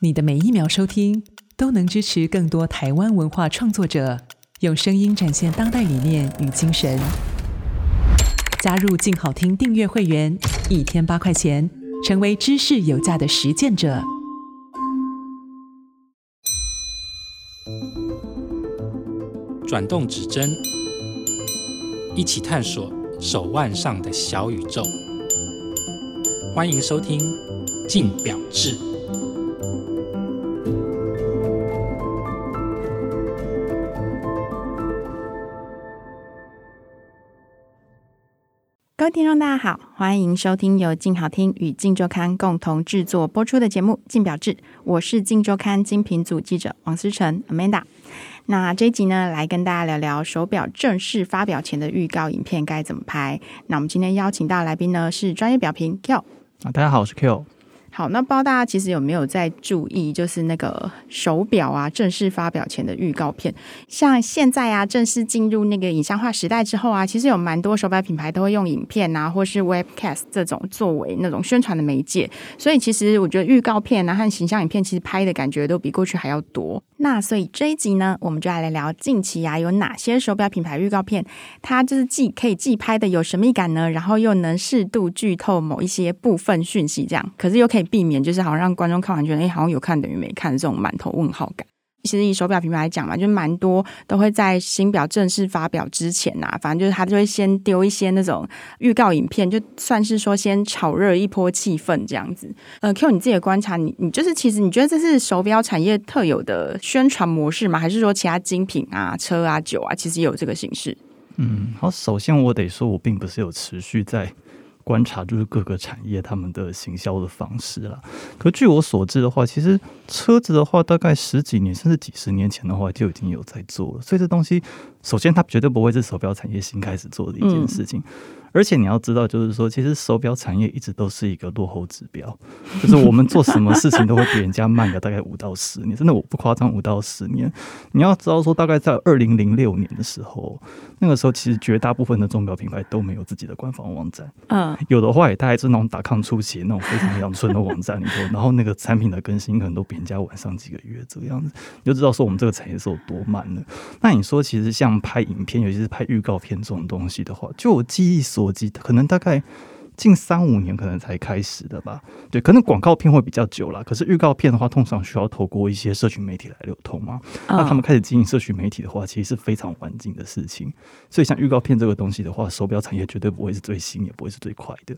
你的每一秒收聽，都能支持更多台灣文化創作者，用聲音展現當代理念與精神。加入靜好聽訂閱會員，一天八塊錢，成為知識有價的實踐者。轉動指針，一起探索手腕上的小宇宙。歡迎收聽《靜表誌》。聽眾大家好，歡迎收聽由靜好聽與靜週刊共同制作播出的節目《靜表誌》，我是靜週刊精品組記者王思成 Amanda。那這一集呢，來跟大家聊聊手表正式發表前的預告影片該怎麼拍。那我們今天邀請到的來賓呢，是專業表評 kyo。大家好，我是 kyo。好，那不知道大家其實有沒有在注意，就是那個手錶啊，正式發表前的預告片。像現在啊，正式進入那個影像化時代之後啊，其實有蠻多手錶品牌都會用影片啊，或是 webcast 這種作為那種宣傳的媒介。所以其實我覺得預告片啊和形象影片，其實拍的感覺都比過去還要多。那所以這一集呢，我們就來聊近期啊有哪些手錶品牌預告片，它就是既可以既拍的有神秘感呢，然後又能適度劇透某一些部分訊息，這樣可是又可以。避免，就是好像讓觀眾看完覺得哎、欸、好像有看等於沒看這種滿頭問號感。其實以手錶品牌來講嘛，就蠻多都會在新錶正式發表之前吶、啊，反正就是他就會先丟一些那種預告影片，就算是說先炒熱一波氣氛這樣子。呃，kyo，你自己的觀察，你你就是其實你覺得這是手錶產業特有的宣傳模式嗎？還是說其他精品啊、車啊、酒啊，其實也有這個形式？嗯，好，首先我得說，我並不是有持續在觀察就是各個產業他們的行銷的方式啦。可據我所知的話，其實車子的話，大概十幾年甚至幾十年前的話，就已經有在做了。所以這東西，首先它絕對不會是手錶產業新開始做的一件事情。嗯而且你要知道，就是說，其實手錶產業一直都是一個落後指標，就是我們做什麼事情都會比人家慢個大概五到十年。真的，我不誇張，五到十年。你要知道，說大概在二零零六年的時候，那個時候其實絕大部分的鐘錶品牌都沒有自己的官方網站，嗯，有的話，也大概是那種打抗出血、那種非常鄉村的網站裡頭。然後那個產品的更新可能都比人家晚上幾個月，這個樣子，你就知道說我們這個產業是有多慢了。那你說，其實像拍影片，尤其是拍預告片這種東西的話，就我記憶所。可能大概近三五年可能才開始的吧，對，可能廣告片會比較久了，可是預告片的話，通常需要透過一些社群媒體來流通嘛。Oh. 那他們開始經營社群媒體的話，其實是非常環境的事情。所以像預告片這個東西的話，手錶產業絕對不會是最新，也不會是最快的。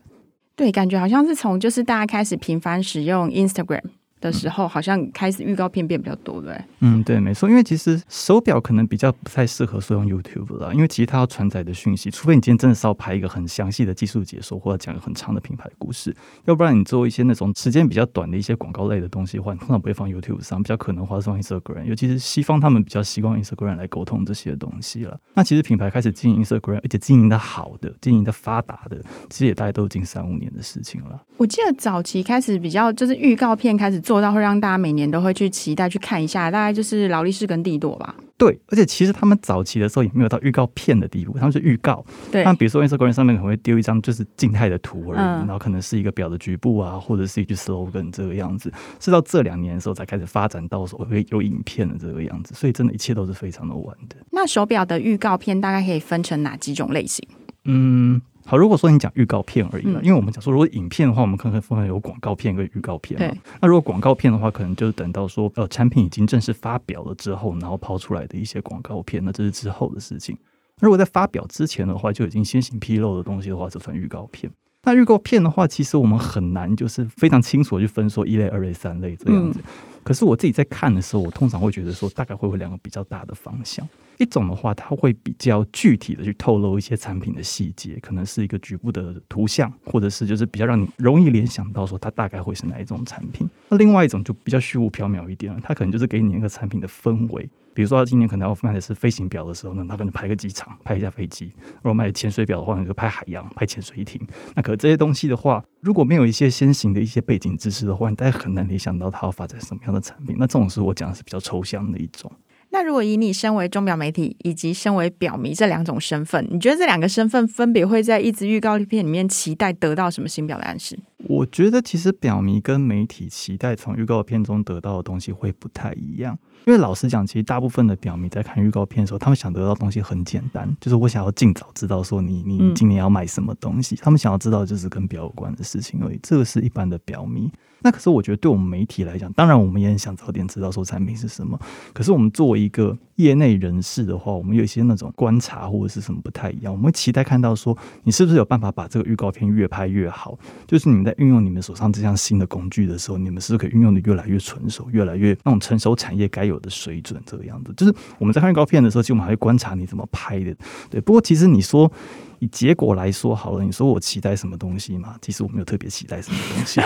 對，感覺好像是從就是大家開始頻繁使用 Instagram。的時候，好像開始預告片變比較多，嗯、對？嗯，對，沒錯，因為其實手表可能比較不太適合說用 YouTube 了，因為其實它要轉載的訊息，除非你今天真的是要拍一個很詳細的技術解說，或者講一個很長的品牌的故事，要不然你做一些那種時間比較短的一些廣告類的東西的話，話你通常不會放 YouTube 上，比較可能會放 Instagram，尤其是西方他們比較習慣 Instagram 來溝通這些東西了。那其實品牌開始經營 Instagram，而且經營的好的、經營的發達的，其實也大概都近三五年的事情了。我記得早期開始比較就是預告片開始。做到會讓大家每年都會去期待去看一下，大概就是勞力士跟帝舵吧。對，而且其實他們早期的時候也沒有到預告片的地步，他們是預告。對，那比如說 Instagram 上面可能會丟一張就是靜態的圖而已，嗯、然後可能是一個錶的局部啊，或者是一句 slogan 這個樣子。是到這兩年的時候才開始發展到說會有影片的這個樣子，所以真的一切都是非常的晚的。那手錶的預告片大概可以分成哪幾種類型？嗯。好，如果說你講預告片而已嘛，因為我們講說，如果影片的話，我們可能分成有廣告片跟預告片。嗯、那如果廣告片的話，可能就是等到說，呃，產品已經正式發表了之後，然後拋出來的一些廣告片，那這是之後的事情。如果在發表之前的話，就已經先行披露的東西的話，就算預告片。那預告片的話，其實我們很難就是非常清楚地去分說一類、二類、三類這樣子。嗯、可是我自己在看的時候，我通常會覺得說，大概會有兩個比較大的方向。一種的話，它會比較具體的去透露一些產品的細節，可能是一個局部的圖像，或者是就是比較讓你容易聯想到說它大概會是哪一種產品。那另外一種就比較虛無縹緲一點了，它可能就是給你一個產品的氛圍。比如說它今年可能要賣的是飛行表的時候呢，它可能拍個機場，拍一架飛機；如果賣潛水表的話，你就拍海洋，拍潛水艇。那可這些東西的話，如果沒有一些先行的一些背景知識的話，你大家很難聯想到它要發展什麼樣的產品。那這種是我講的是比較抽象的一種。那如果以你身為鐘錶媒體以及身為錶迷這兩種身份，你覺得這兩個身份分別會在一支預告片裡面期待得到什麼新錶的暗示？我覺得其實表迷跟媒體期待從預告片中得到的東西會不太一樣，因為老實講，其實大部分的表迷在看預告片的時候，他們想得到東西很簡單，就是我想要儘早知道說你你今年要買什麼東西，他們想要知道就是跟表有關的事情而已。這個是一般的表迷。那可是我覺得對我們媒體來講，當然我們也很想早點知道說產品是什麼，可是我們作為一個業內人士的話，我們有一些那種觀察或者是什麼不太一樣，我們會期待看到說你是不是有辦法把這個預告片越拍越好，就是你們在。運用你們手上這項新的工具的時候，你們是不是可以運用的越來越純熟，越來越那種成熟產業該有的水準這個樣子？就是我們在看預告片的時候，其實我們還會觀察你怎麼拍的。對，不過其實你說。以結果來說好了，你說我期待什麼東西嘛？其實我沒有特別期待什麼東西，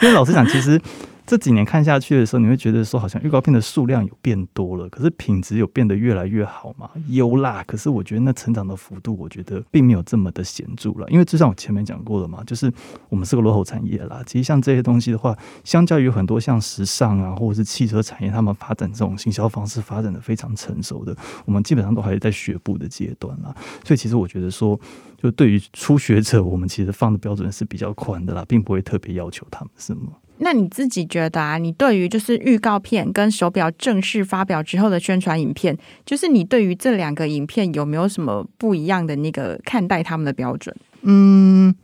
因為老實講，其實這幾年看下去的時候，你會覺得說好像預告片的數量有變多了，可是品質有變得越來越好嘛，優啦。可是我覺得那成長的幅度，我覺得並沒有這麼的顯著了。因為就像我前面講過的嘛，就是我們是個落後產業啦。其實像這些東西的話，相較於很多像時尚啊，或者是汽車產業，他們發展這種行銷方式，發展的非常成熟的，我們基本上都還是在學步的階段啦。所以其實我覺得說，說，就對於初學者，我們其實放的標準是比較寬的啦，並不會特別要求他們什麼，是嗎？那你自己覺得啊？你對於就是預告片跟手錶正式發表之後的宣傳影片，就是你對於這兩個影片有沒有什麼不一樣的那個看待他們的標準？嗯，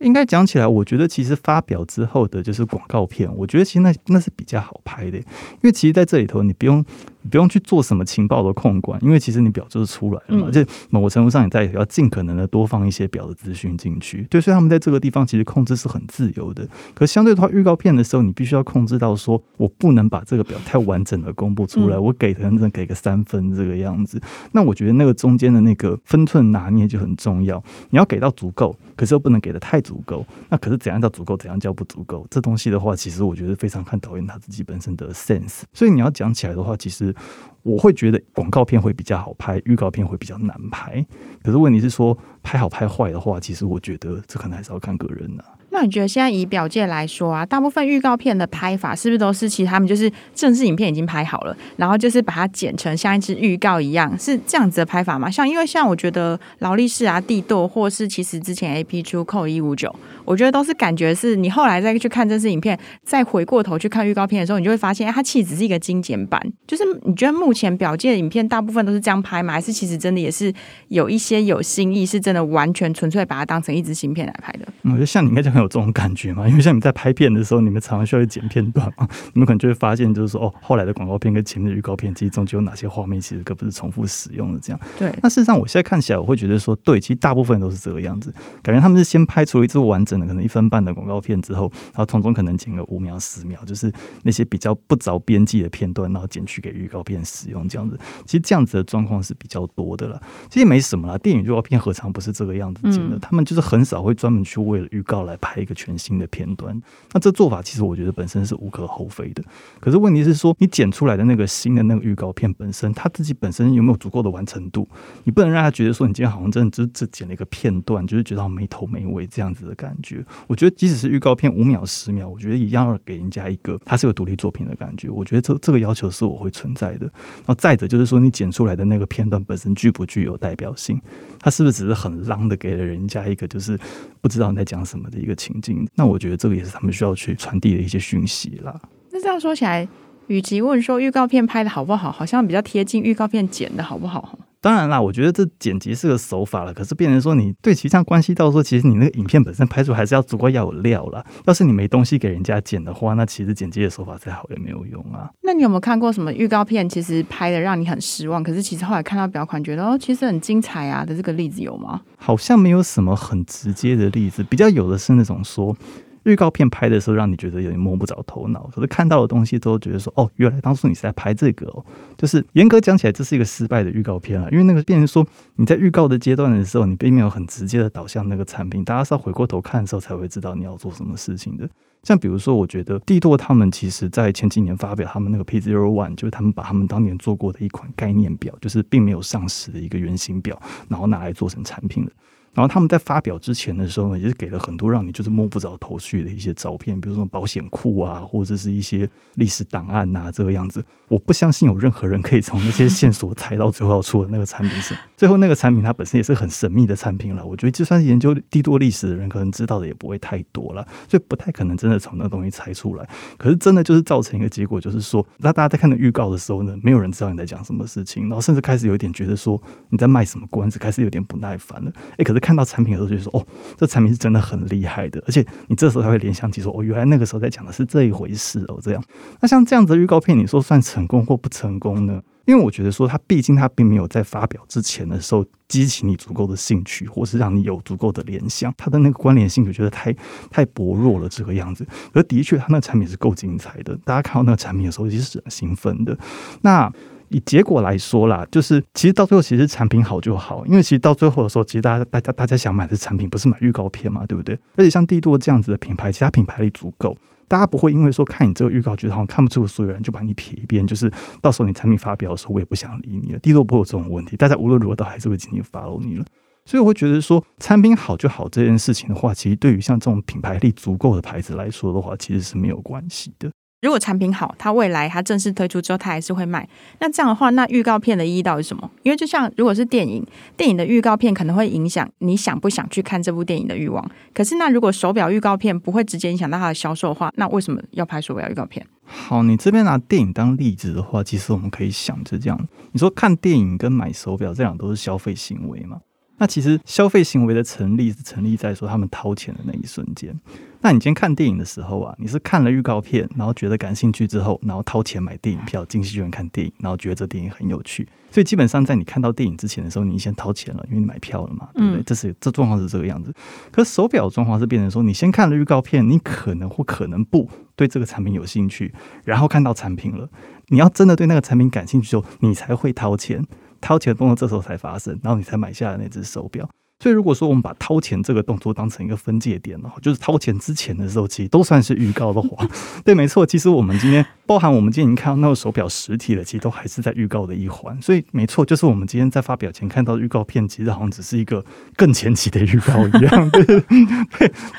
應該講起來，我覺得其實發表之後的就是廣告片，我覺得其實那那是比較好拍的，因為其實在這裡頭你不用。不用去做什麼情報的控管，因為其實你表就是出來了，嗯、而且某個程度上你在要盡可能的多放一些表的資訊進去。對，所以他們在這個地方其實控制是很自由的。可相對的話，預告片的時候你必須要控制到說，說我不能把這個表太完整的公布出來，嗯、我給整整給個三分這個樣子。那我覺得那個中間的那個分寸拿捏就很重要，你要給到足夠，可是又不能給得太足夠。那可是怎樣叫足夠，怎樣叫不足夠，這東西的話，其實我覺得非常看導演他自己本身的 sense。所以你要講起來的話，其實。我會覺得廣告片會比較好拍，預告片會比較難拍。可是問題是說，拍好拍壞的話，其實我覺得這可能還是要看個人呢、啊。那你覺得現在以表界來說啊，大部分預告片的拍法是不是都是？其實他們就是正式影片已經拍好了，然後就是把它剪成像一支預告一樣，是這樣子的拍法嗎？像因為像我覺得勞力士啊、帝舵，或是其實之前 A P 出扣一五九，我覺得都是感覺是你後來再去看正式影片，再回過頭去看預告片的時候，你就會發現、啊、它其實只是一個精簡版。就是你覺得目前表界的影片大部分都是這樣拍嗎？還是其實真的也是有一些有新意，是真的完全純粹把它當成一支新片來拍的？我覺得像你那種很。有這種感覺嗎？因為像你們在拍片的時候，你們常常需要剪片段嘛，你們可能就會發現，就是說哦，後來的廣告片跟前面的預告片，其實中間有哪些畫面，其實可不是重複使用的這樣。對。那事實上，我現在看起來，我會覺得說，對，其實大部分都是這個樣子，感覺他們是先拍出一支完整的，可能一分半的廣告片之後，然後從中可能剪個五秒、十秒，就是那些比較不着邊際的片段，然後剪去給預告片使用這樣子。其實這樣子的狀況是比較多的啦，其實沒什麼啦，電影預告片何嘗不是這個樣子剪的？嗯、他們就是很少會專門去為了預告來拍。拍一個全新的片段，那這做法其實我覺得本身是無可厚非的。可是問題是說，你剪出來的那個新的那個預告片本身，他自己本身有沒有足夠的完成度？你不能讓他覺得說，你今天好像真的只只剪了一個片段，就是覺得好像沒頭沒尾這樣子的感覺。我覺得即使是預告片五秒、十秒，我覺得一樣要給人家一個它是有獨立作品的感覺。我覺得這這個要求是我會存在的。那再者就是說，你剪出來的那個片段本身具不具有代表性？它是不是只是很浪的給了人家一個就是不知道你在講什麼的一個情？情境，那我覺得這個也是他們需要去傳遞的一些訊息啦。那這樣說起來，與其問說預告片拍得好不好，好像比較貼近預告片剪得好不好。當然啦，我覺得這剪輯是個手法了，可是變成說你對齊上關係到說，其實你那個影片本身拍出還是要足夠要有料了。要是你沒東西給人家剪的話，那其實剪輯的手法再好也沒有用啊。那你有沒有看過什麼預告片，其實拍的讓你很失望，可是其實後來看到表款覺得哦，其實很精彩啊的這個例子有嗎？好像沒有什麼很直接的例子，比較有的是那種說。預告片拍的時候，讓你覺得有點摸不着頭腦。可是看到的東西，都覺得說：“哦，原來當初你是在拍這個哦。”就是嚴格講起來，這是一個失敗的預告片啊。因為那個變成說，你在預告的階段的時候，你並沒有很直接的導向那個產品。大家是要回過頭看的時候，才會知道你要做什麼事情的。像比如說，我覺得帝舵他們其實在前幾年發表他們那個 P Zero One，就是他們把他們當年做過的一款概念錶，就是並沒有上市的一個原型錶，然後拿來做成產品的。然後他們在發表之前的時候呢，也是給了很多讓你就是摸不着頭緒的一些照片，比如說保險庫啊，或者是一些歷史檔案吶、啊，這個樣子。我不相信有任何人可以從那些線索猜到最後要出的那個產品是 最後那個產品，它本身也是很神秘的產品了。我覺得就算是研究帝舵歷史的人，可能知道的也不會太多了，所以不太可能真的從那東西猜出來。可是真的就是造成一個結果，就是說，那大家在看的預告的時候呢，沒有人知道你在講什麼事情，然後甚至開始有點覺得說你在賣什麼關子，開始有點不耐煩了。誒，可是。看到產品的時候就說哦，這產品是真的很厲害的，而且你這時候還會聯想起說哦，原來那個時候在講的是這一回事哦，這樣。那像這樣子的預告片，你說算成功或不成功呢？因為我覺得說它畢竟它並沒有在發表之前的時候激起你足夠的興趣，或是讓你有足夠的聯想，它的那個關聯性我覺得太太薄弱了這個樣子。而的確，它那個產品是夠精彩的，大家看到那個產品的時候其實是很興奮的。那。以結果來說啦，就是其實到最後，其實產品好就好，因為其實到最後的時候，其實大家、大家、大家想買的產品不是買預告片嘛，對不對？而且像帝舵這樣子的品牌，其他品牌力足夠，大家不會因為說看你這個預告覺得好像看不出所有人就把你撇一邊，就是到時候你產品發表的時候，我也不想理你了。帝舵不會有這種問題，大家無論如何都還是會緊緊 follow 你了。所以我會覺得說，產品好就好這件事情的話，其實對於像這種品牌力足夠的牌子來說的話，其實是沒有關係的。如果產品好，它未來它正式推出之後，它還是會賣。那這樣的話，那預告片的意義到底是什麼？因為就像如果是電影，電影的預告片可能會影響你想不想去看這部電影的慾望。可是那如果手錶預告片不會直接影響到它的銷售的話，那為什麼要拍手錶預告片？好，你這邊拿電影當例子的話，其實我們可以想就這樣。你說看電影跟買手錶，這兩都是消費行為嗎？那其實消費行為的成立是成立在說他們掏錢的那一瞬間。那你今天看電影的時候啊，你是看了預告片，然後覺得感興趣之後，然後掏錢買電影票，進戲院看電影，然後覺得這電影很有趣。所以基本上在你看到電影之前的時候，你先掏錢了，因為你買票了嘛，對不對？這是這狀況是這個樣子。可手錶狀況是變成說，你先看了預告片，你可能或可能不對這個產品有興趣，然後看到產品了，你要真的對那個產品感興趣之後，你才會掏錢。掏錢的動作這時候才發生，然後你才買下了那只手表。所以如果說我們把掏錢這個動作當成一個分界點的話，就是掏錢之前的時候，其實都算是預告的話， 對，沒錯。其實我們今天。包含我們今天已經看到那個手錶實體了，其實都還是在預告的一環。所以沒錯，就是我們今天在發表前看到的預告片，其實好像只是一個更前期的預告一樣。 就是、對，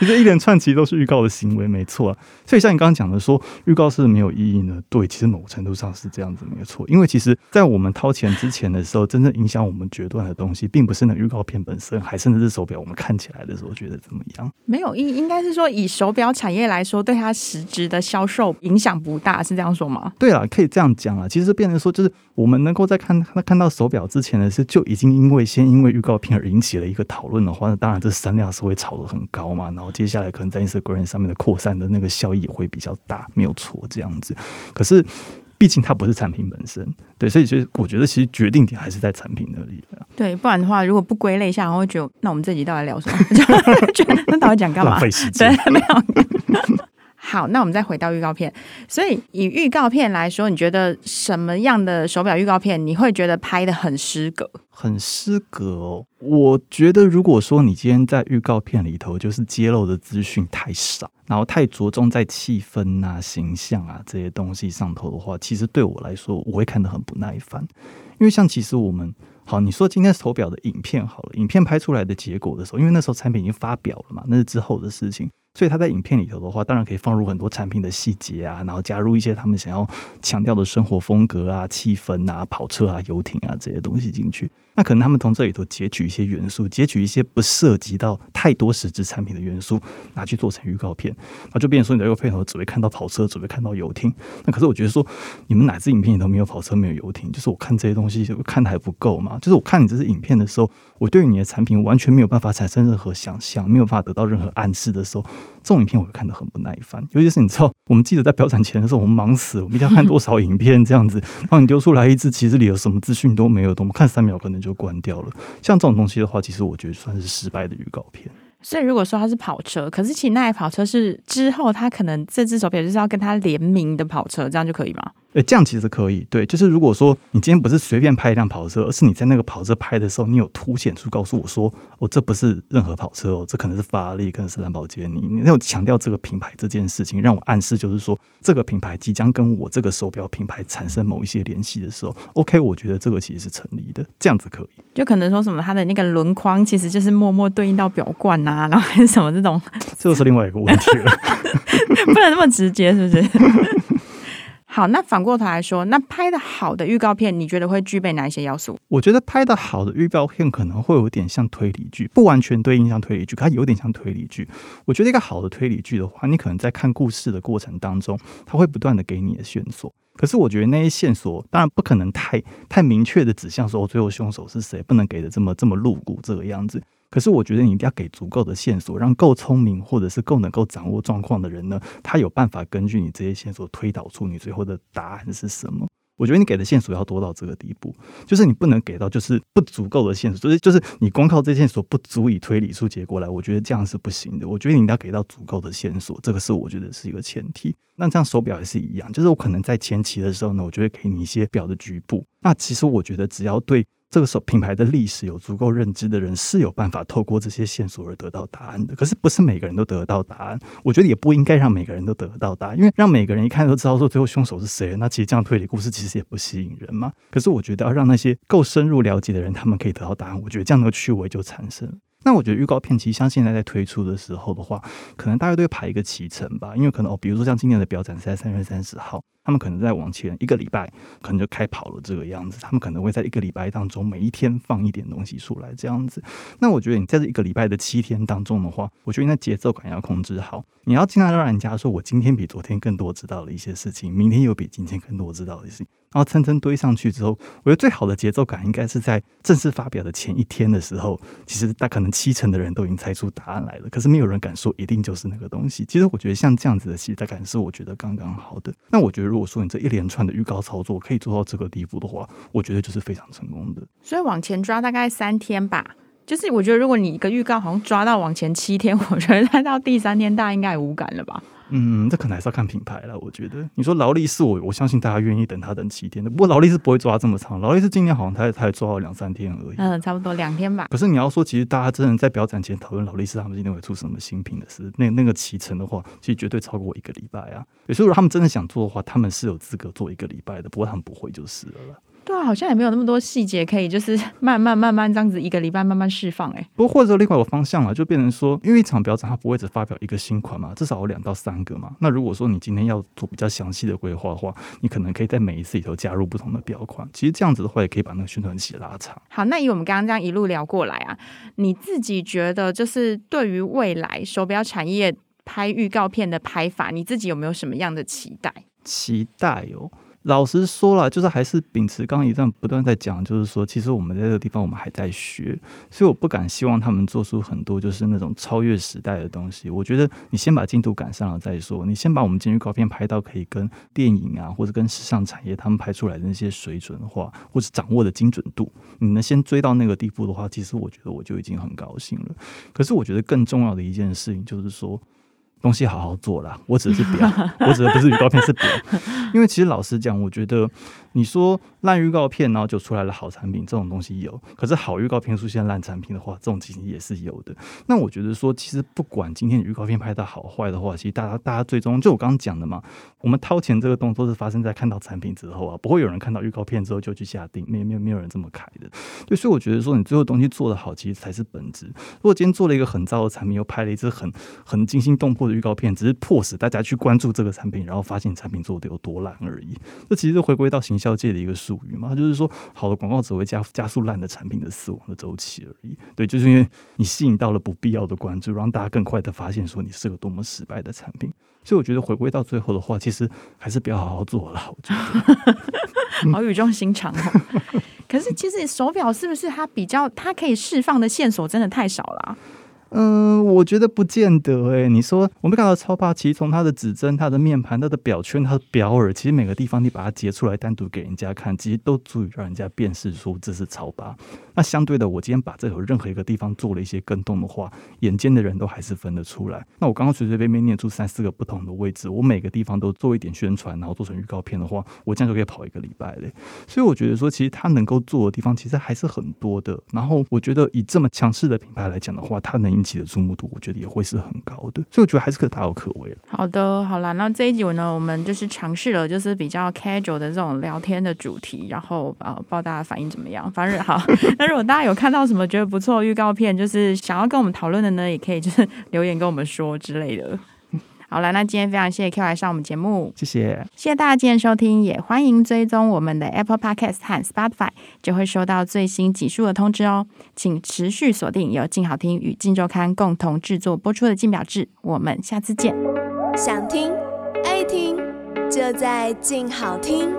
你，就是、一連串其實都是預告的行為，沒錯、啊。所以像你剛剛講的說，預告是沒有意義呢？對，其實某個程度上是這樣子，沒錯。因為其實在我們掏錢之前的時候，真正影響我們決斷的東西，並不是那預告片本身，還是那隻手錶我們看起來的時候覺得怎麼樣？沒有，意義，應該是說以手錶產業來說，對它實質的銷售影響不大。是。這樣說嗎？對啊，可以這樣講啊。其實變成說，就是我們能夠在看看到手表之前呢，是，就已經因為先因為預告片而引起了一個討論的話，那當然這三量是會炒得很高嘛。然後接下來可能在 Instagram 上面的擴散的那個效益也會比較大，沒有錯這樣子。可是畢竟它不是產品本身，對，所以其實我覺得其實決定點還是在產品那裡。對，不然的話如果不歸類一下，然後就那我們這集到底要聊什麼？覺得那到底講幹嘛？浪費時間，對，沒有。 好，那我們再回到預告片。所以以預告片來說，你覺得什麼樣的手表預告片你會覺得拍得很失格？很失格哦。我覺得如果說你今天在預告片裡頭就是揭露的資訊太少，然後太着重在氣氛啊、形象啊這些東西上頭的話，其實對我來說我會看得很不耐煩。因為像其實我們好，你說今天手表的影片好了，影片拍出來的結果的時候，因為那時候產品已經發表了嘛，那是之後的事情。所以他在影片裡頭的話，當然可以放入很多產品的細節啊，然後加入一些他們想要強調的生活風格啊、氣氛啊、跑車啊、遊艇啊這些東西進去。那可能他們從這裡頭截取一些元素，截取一些不涉及到太多實質產品的元素，拿去做成預告片，那就變成說你的預告片只會看到跑車，只會看到遊艇。那可是我覺得說，你們哪支影片裡頭沒有跑車、沒有遊艇？就是我看這些東西看的還不夠嘛？就是我看你這支影片的時候，我對於你的產品完全沒有辦法產生任何想象，沒有辦法得到任何暗示的時候。這種影片我會看得很不耐煩，尤其是你知道，我們記者在錶展前的時候，我們忙死了，我們一定要看多少影片，這樣子幫你丟出來一支，其實裡有什麼資訊都沒有，我們看三秒可能就關掉了。像這種東西的話，其實我覺得算是失敗的預告片。所以如果說它是跑車，可是其實那台跑車是之後他可能這支手錶就是要跟他聯名的跑車，這樣就可以嗎？哎，這樣其實可以。對，就是如果說你今天不是隨便拍一輛跑車，而是你在那個跑車拍的時候，你有凸顯出告訴我說，哦，這不是任何跑車哦，這可能是法拉利，可能是蘭博基尼，你沒有強調這個品牌這件事情，讓我暗示就是說這個品牌即將跟我這個手錶品牌產生某一些聯繫的時候，OK，我覺得這個其實是成立的，這樣子可以。就可能說什麼，它的那個輪框其實就是默默對應到錶冠啊，然後還是什麼這種，這個是另外一個問題了， 不能那麼直接，是不是？ 好，那反過頭來說，那拍的好的預告片，你覺得會具備哪一些要素？我覺得拍的好的預告片可能會有點像推理劇，不完全對應像推理劇，它有點像推理劇。我覺得一個好的推理劇的話，你可能在看故事的過程當中，它會不斷的給你的線索。可是我覺得那些線索，當然不可能太太明確的指向說，我最後兇手是誰，不能給的這麼這麼露骨這個樣子。可是我覺得你一定要給足夠的線索，讓夠聰明或者是夠能夠掌握狀況的人呢，他有辦法根據你這些線索推導出你最後的答案是什麼。我覺得你給的線索要多到這個地步，就是你不能給到就是不足夠的線索，就是就是你光靠這些線索不足以推理出結果來。我覺得這樣是不行的。我覺得你一定要給到足夠的線索，這個是我覺得是一個前提。那這樣手表也是一樣，就是我可能在前期的時候呢，我就會給你一些表的局部。那其實我覺得只要對，這個時候，品牌的歷史有足夠認知的人是有辦法透過這些線索而得到答案的。可是不是每個人都得到答案，我覺得也不應該讓每個人都得到答案，因為讓每個人一看都知道說最後兇手是誰，那其實這樣的推理故事其實也不吸引人嘛。可是我覺得要讓那些夠深入了解的人，他們可以得到答案，我覺得這樣的趣味就產生了。那我覺得預告片其實像現在在推出的時候的話，可能大概都會排一個期程吧，因為可能哦，比如說像今年的表展是在三月三十號，他們可能在往前一個禮拜，可能就開跑了這個樣子，他們可能會在一個禮拜當中，每一天放一點東西出來這樣子。那我覺得你在這一個禮拜的七天當中的話，我覺得應該節奏感要控制好，你要盡量讓人家說我今天比昨天更多知道了一些事情，明天又比今天更多知道的事情。然後層層堆上去之後，我覺得最好的節奏感應該是在正式發表的前一天的時候。其實，大可能七成的人都已經猜出答案來了，可是沒有人敢說一定就是那個東西。其實，我覺得像這樣子的期待感是我覺得剛剛好的。那我覺得，如果說你這一連串的預告操作可以做到這個地步的話，我覺得就是非常成功的。所以往前抓大概三天吧，就是我覺得如果你一個預告好像抓到往前七天，我覺得到第三天大家應該也無感了吧。嗯，這可能還是要看品牌了。我覺得，你說勞力士，我我相信大家願意等他等七天的。不過勞力士不會抓這麼長，勞力士今年好像他他也抓了兩三天而已。嗯，差不多兩天吧。可是你要說，其實大家真的在錶展前討論勞力士他們今天會出什麼新品的事，那那個期程的話，其實絕對超過一個禮拜啊。所以如果他們真的想做的話，他們是有資格做一個禮拜的。不過他們不會就是了。對啊，好像也沒有那麼多細節可以，就是慢慢慢慢這樣子一個禮拜慢慢釋放誒、欸，不過或者說另外一個方向啊，就變成說，因為一場表展它不會只發表一個新款嘛，至少有兩到三個嘛。那如果說你今天要做比較詳細的規劃的話，你可能可以在每一次裡頭加入不同的表款。其實這樣子的話，也可以把那個宣傳期拉長。好，那以我們剛剛這樣一路聊過來啊，你自己覺得就是對於未來手表產業拍預告片的拍法，你自己有沒有什麼樣的期待？期待喲、哦。老實說了，就是還是秉持剛剛一段不斷在講，就是說，其實我們在這個地方，我們還在學，所以我不敢希望他們做出很多就是那種超越時代的東西。我覺得你先把進度趕上了再說，你先把我們預告片拍到可以跟電影啊，或者跟時尚產業他們拍出來的那些水準的話，或者掌握的精準度，你能先追到那個地步的話，其實我覺得我就已經很高興了。可是我覺得更重要的一件事情就是說。東西好好做啦，我指的是錶，我指的不是預告片是表，因為其實老實講，我覺得你說爛預告片然後就出來了好產品這種東西有，可是好預告片出現爛產品的話，這種情形也是有的。那我覺得說，其實不管今天預告片拍的好壞的話，其實大家大家最終就我剛剛講的嘛，我們掏錢這個動作是發生在看到產品之後啊，不會有人看到預告片之後就去下定，沒有沒有沒有人這麼凱的。對，所以我覺得說，你最後東西做得好，其實才是本質。如果今天做了一個很糟的產品，又拍了一支很很驚心動魄的。預告片只是迫使大家去關注這個產品，然後發現產品做得有多爛而已。這其實回歸到行銷界的一個術語嘛，就是說，好的廣告只會加加速爛的產品的死亡的週期而已。對，就是因為你吸引到了不必要的關注，讓大家更快地發現說你是個多麼失敗的產品。所以我覺得回歸到最後的話，其實還是不要好好做了，我覺得。好語重心長、哦、 可是其實手錶是不是它比較它可以釋放的線索真的太少了、啊？嗯，我覺得不見得哎、欸。你說，我們看到超霸其實從它的指針、它的面盤、它的錶圈、它的錶耳，其實每個地方你把它截出來單獨給人家看，其實都足以讓人家辨識出這是超霸。那相對的，我今天把這有任何一個地方做了一些更動的話，眼尖的人都還是分得出來。那我剛剛隨隨便便念出三四個不同的位置，我每個地方都做一點宣傳，然後做成預告片的話，我這樣就可以跑一個禮拜嘞、欸。所以我覺得說，其實它能夠做的地方其實還是很多的。然後我覺得以這麼強勢的品牌來講的話，它能。引起的注目度，我覺得也會是很高的，所以我覺得還是可大有可為。好的，好啦，那這一集呢，我們就是嘗試了就是比較 casual 的這種聊天的主題，然後啊，不知道大家反應怎麼樣？反正好， 那如果大家有看到什麼覺得不錯的預告片，就是想要跟我們討論的呢，也可以就是留言跟我們說之類的。好了，那今天非常謝謝 kyo 來上我們節目，謝謝，謝謝大家今天收聽，也歡迎追蹤我們的 Apple Podcast 和 Spotify，就會收到最新集數的通知哦，請持續鎖定由鏡好聽與鏡週刊共同制作播出的《鏡錶誌》，我們下次見。想聽愛聽，就在鏡好聽。